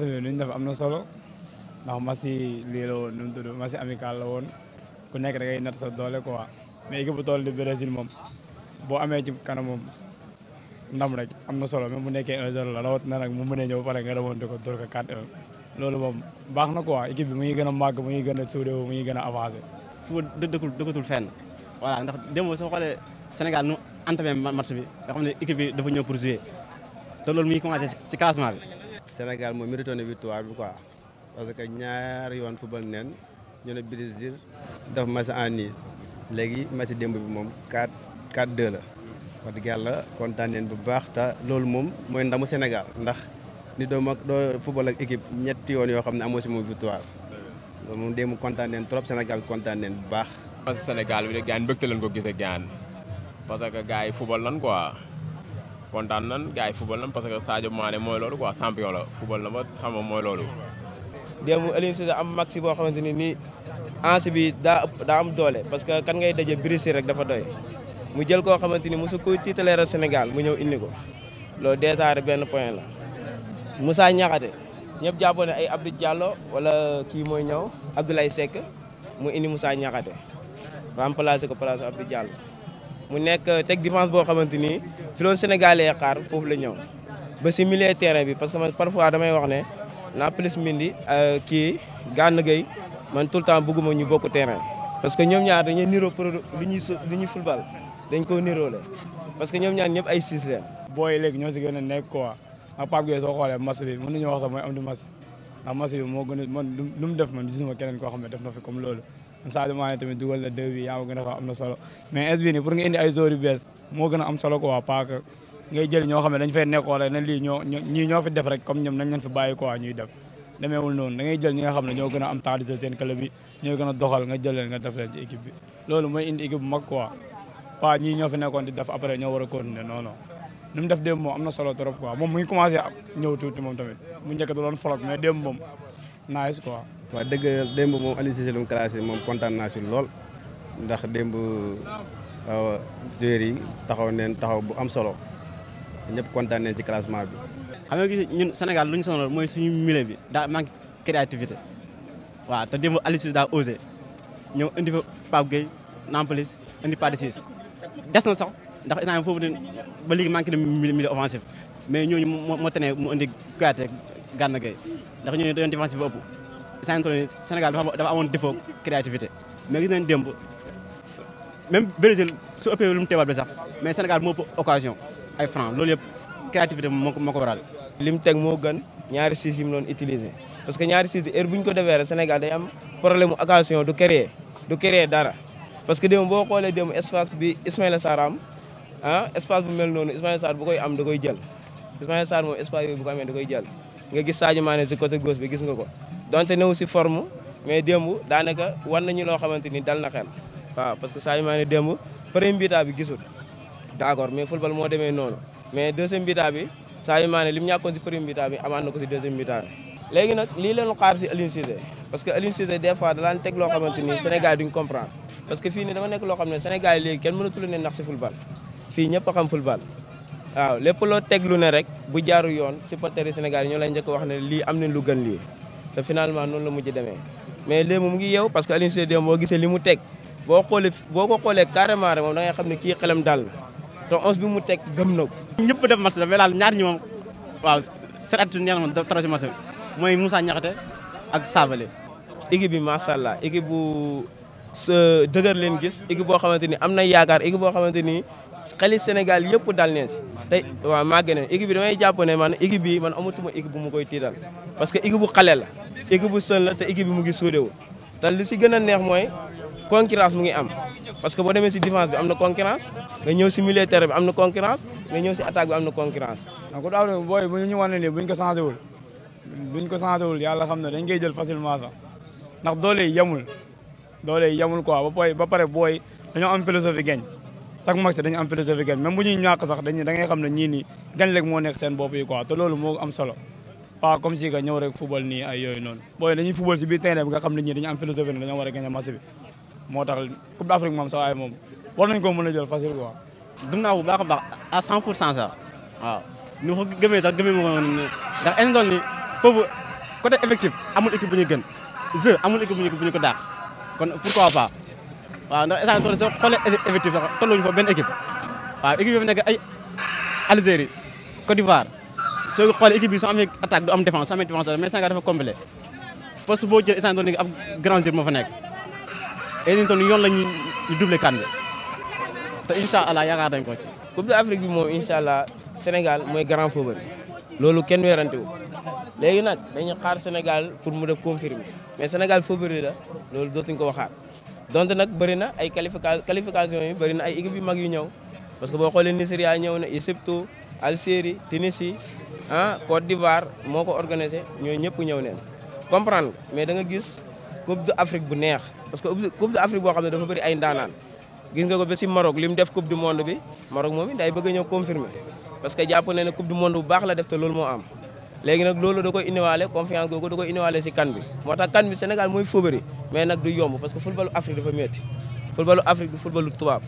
match bi lu am na solo ndax match yi lii la woon nu mu tudd match la woon ku nekk da ngay natt sa doole quoi mais équipe bu toll di Brésil moom boo amee ci kanam moom ndam rek am na solo même bu nekkee 1-0 la rawatina nag mu mënee ñëw ba pare nga demoon di ko dóor ko 4-1 loolu moom baax na quoi équipe bi mu ngi gën a màgg mu ngi gën a suudewu mu ngi gën a avancé. fu dëkkul dëkkatul fenn voilà ndax démb soo xoolee Sénégal nu entamé match bi nga xam ne équipe bi dafa ñëw pour jouer te loolu mu ngi commencé si classement Sénégal mo mérité na victoire bi quoi parce que ñaar yoon football neen ñu ne Brésil daf match en nii léegi match démb bi mom 4 4 2 la wa di yàlla contane neen bu baax ta lool mom moy ndamu Sénégal ndax ni do mak do football ak équipe ñetti yoon yo xam amo ci si victoire do moom démb contane neen trop Sénégal contane neen bu baax. parce que Sénégal bi de gaan bëgg te leen ko gisee gaan parce que gaay football lan quoi kontanan nan gars football nan parce que Sadio Mané moy loolu quoi champion la football la ba xam moy mooy loolu. démb Aliou am maxi bo xamanteni ni nii ansi bi da da am dole parce que kan ngay dajé Brésil rek dafa doy mu jël ko xamanteni musa ko koy ra Sénégal mu ñew indi ko lo déjà ben point la musa ñaxaté ñep jàppoon ay Abdou Diallo wala ki moy ñew Abdoulaye sek mu indi musa ñaxaté remplacer ko place Abdou Diallo. mu nekk teg défense boo xamante ni fi loon xaar foofu la ñëw ba si milieu terrain bi parce que man parfois damay wax ne Nampalys Mendy euh, kii Gana Gueye man tout le temps bëgguma ñu bokk terrain parce que ñoom ñaar dañuy niroo pro li ñuy li ñuy football dañ koo niroole parce que ñoom ñaar ñëpp ay six leen booy léegi ñoo si gën a nekk quoi ak Pape Gueye soo bi mën nañu wax sax mooy am moo gën a man lu mu def man gisuma keneen koo xam ne def na fi comme loolu Sadio Mané tamit dugal na deux bi yaa ma gën a xam am na solo mais est bi ni pour nga indi ay joueurs yu bees moo gën a am solo quoi pas que ngay jël ñoo xam ne dañ fay nekkoon rek ñii ñoo fi def rek comme ñoom nañ leen fi bàyyi quoi ñuy def demeewul noonu da nga xam ne ñoo gën am temps de jeu seen club bi ñoo a doxal nga jël leen nga def leen ci équipe bi loolu mooy indi équipe bu mag quoi pas ñii fi nekkoon di def après ñoo war a continuer non non ni mu solo trop quoi moom mu ngi commencé ñëw tuuti moom tamit bu njëkk da doon folog mais démb moom nice quoi waa dëgg démb moom Aliou Cissé lu moom kontaan naa si lool ndax démb joueurs yi taxaw neen taxaw bu am solo ñëpp kontaan neen ci classement bi. xam nga gis ñun Sénégal lu ñu sonal mooy suñu milieu bi daa manque créativité waaw te démb Aliou Cissé daa osé ñëw indi fa Pape Gueye Nampalys indi Pathé Ciss des na sax ndax instant foofu ne ba léegi manqué na milieu offensif mais ñooñu moo moo tane mu indi Kouyaté Gana ndax ñooñu dañoo défensif bu santoni Sénégal dafa amoon défaut créativité mais gis nañ démb même Brésil su ëppee lu mu teebal bi sax mais Sénégal moo ëpp occasion ay franc loolu yëpp créativité moo ko moo ko li mu teg moo gën ñaari siis yi mu doon utiliser parce que ñaari siis heure bu ñu ko defee rek Sénégal day am problème mu occasion du créer du créer dara parce que démb boo xoolee démb espace bi Ismaïla Sarr am ah espace bu mel noonu Ismaïla Sarr bu koy am da koy jël Ismaïla Sarr moom espace yooyu da koy jël nga gis Sadio Mané si côté bi gis nga ko donte newu si forme mais démb daanaka wan nañu loo xamante ni dal na xel waaw parce que Sadio Mané démb premier bitaa bi gisul d'accord mais football moo demee noonu mais deuxième bitaa bi Sadio Mané li mu ñàkkoon si premier bitaa bi amaat na ko si deuxième bitaa bi léegi nag lii leen xaar si parce que Aliou Cissé des fois dalaan teg loo xamante ni Sénégal duñ comprendre parce que fii ni dama nekk loo xam ne Sénégal yi léegi kenn mënatul ne nax si football fii ñëpp a xam loo teg ne rek bu jaaru yoon supporters yi Sénégal yi ñoo njëkk wax ne lii am nañ lu gën lii te finalement noonu la mujj demee mais léegi mu ngi yeew parce que Alioune Seye démb boo gisee li mu teg boo xoolee boo ko xoolee carrément rek moom da ngay xam ne kii xelam daal na te onze bi mu teg gëm na ñëpp def match la mais daal ñaar ñi moom waaw seen at neex na trop ci match bi mooy Moussa Niakhaté ak saabale équipe bi macha allah équipe bu dëgër leen gis équipe boo xamante ni am na yaakaar équipe boo xamante ni xeli Sénégal yëpp dal neen tey waaw màgg nañ équipe bi damay jàpp ne man équipe bi man amatuma équipe bu ma koy tiital parce que équipe bu xale la équipe bu sën la te équipe bi mu ngi sóodewu te li si gën a neex mooy concurrence mu ngi am parce que boo demee si défense bi am na concurrence nga ñëw si milieu terrain bi am na concurrence nga ñëw si attaque am na concurrence donc daaw ne booy bu ñu wan ne nii buñ ko changé wul buñ ko changé wul yàlla xam ne dañ koy jël facilement sax ndax doole yi yemul doole yi yemul quoi ba pare booy dañoo am philosophie gañ chaque match dañu am philosophie gañ même bu ñuy ñàkk sax dañuy da ngay xam ne ñii nii gañ lek moo nekk seen bopp yi quoi te loolu moo am solo waaw comme si que ñëw rek football nii ay yooyu noonu booy dañuy football si biir terrain bi nga xam ne ñii dañu am philosophie ne dañoo war a gañ match bi moo tax coupe d'Afrique moom sa waaye moom war nañ ko mën a jël facile quoi gëm naa bu baax a baax à 100 pour cent sax waaw ñu ko gëmee sax gëmee moo ndax indool ni foofu côté effectif amul équipe bu ñu gën jeu amul équipe bu ñu ko daax kon pourquoi pas waaw ndax instant toll soo xoolee effectif sax tolluñu fa benn équipe waaw équipe yi fi nekk ay Algérie Côte d'Ivoire soo xoolee équipe bi soo amee attaque du am défense soo amee défense mais Sénégal dafa complet parce que boo jël instant toll ab grand moo fa nekk et yoon la ñuy doubler kan bi yaakaar nañ ko ci. Coupe d'Afrique bi moom incha allah Sénégal mooy grand favori loolu kenn weerante wu léegi nag dañu xaar Sénégal pour mu def confirmer mais Sénégal favori la loolu dootuñ ko waxaat. donte nag bëri na ay qualification qualification yi bëri na ay équipe yu mag yu ñëw parce que boo xoolee Nigeria ñëw na Égypte Algérie Tunisie ah Côte d'Ivoire moo ko organisé ñooy ñëpp ñëw neen comprendre mais da nga gis Coupe d'Afrique bu neex parce que Coupe d'Afrique boo xam ne dafa bëri ay ndaanaan gis nga ko ba si Maroc li mu def Coupe du monde bi Maroc moom it day bëgg a ñëw confirmer parce que jàpp na ne Coupe du monde bu baax la def te loolu moo am. légui nak lolu da koy indiwaale confiance gogo da koy indiwaale ci kan bi motax kan bi Sénégal moy fobéré mais nak du yomb parce que football Afrique dafa metti football Afrique du footballu tubaab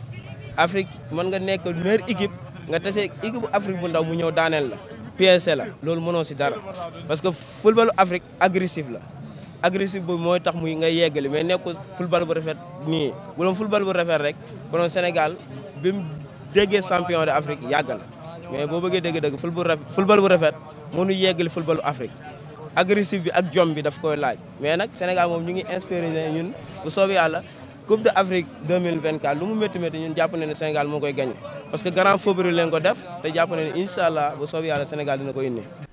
Afrique man nga nek meilleure équipe nga tassé équipe Afrique bu ndaw mu ñew danel la pincé la lolu mëno ci dara parce que football Afrique agressif la agressif boobu moy tax muy nga yeggali mais nekku football bu rafet ni bu lom football bu rafet rek konoon Sénégal bi déggé champion d'afrique yagal mais bo bëggé dégg-dégg football bu rafet mënu yeggali footballu Afrique agressif bi ak jom bi daf koy laaj mais nag Sénégal moom ñu ngi inspiré ñun bu soobee yàlla Coupe d'Afrique 2024 lu mu métti métti ñun jàpp na ne Sénégal moo koy gagné parce que grand favori leen ko def te jàpp na ne incha allah bu soobee yàlla Sénégal dina ko indi.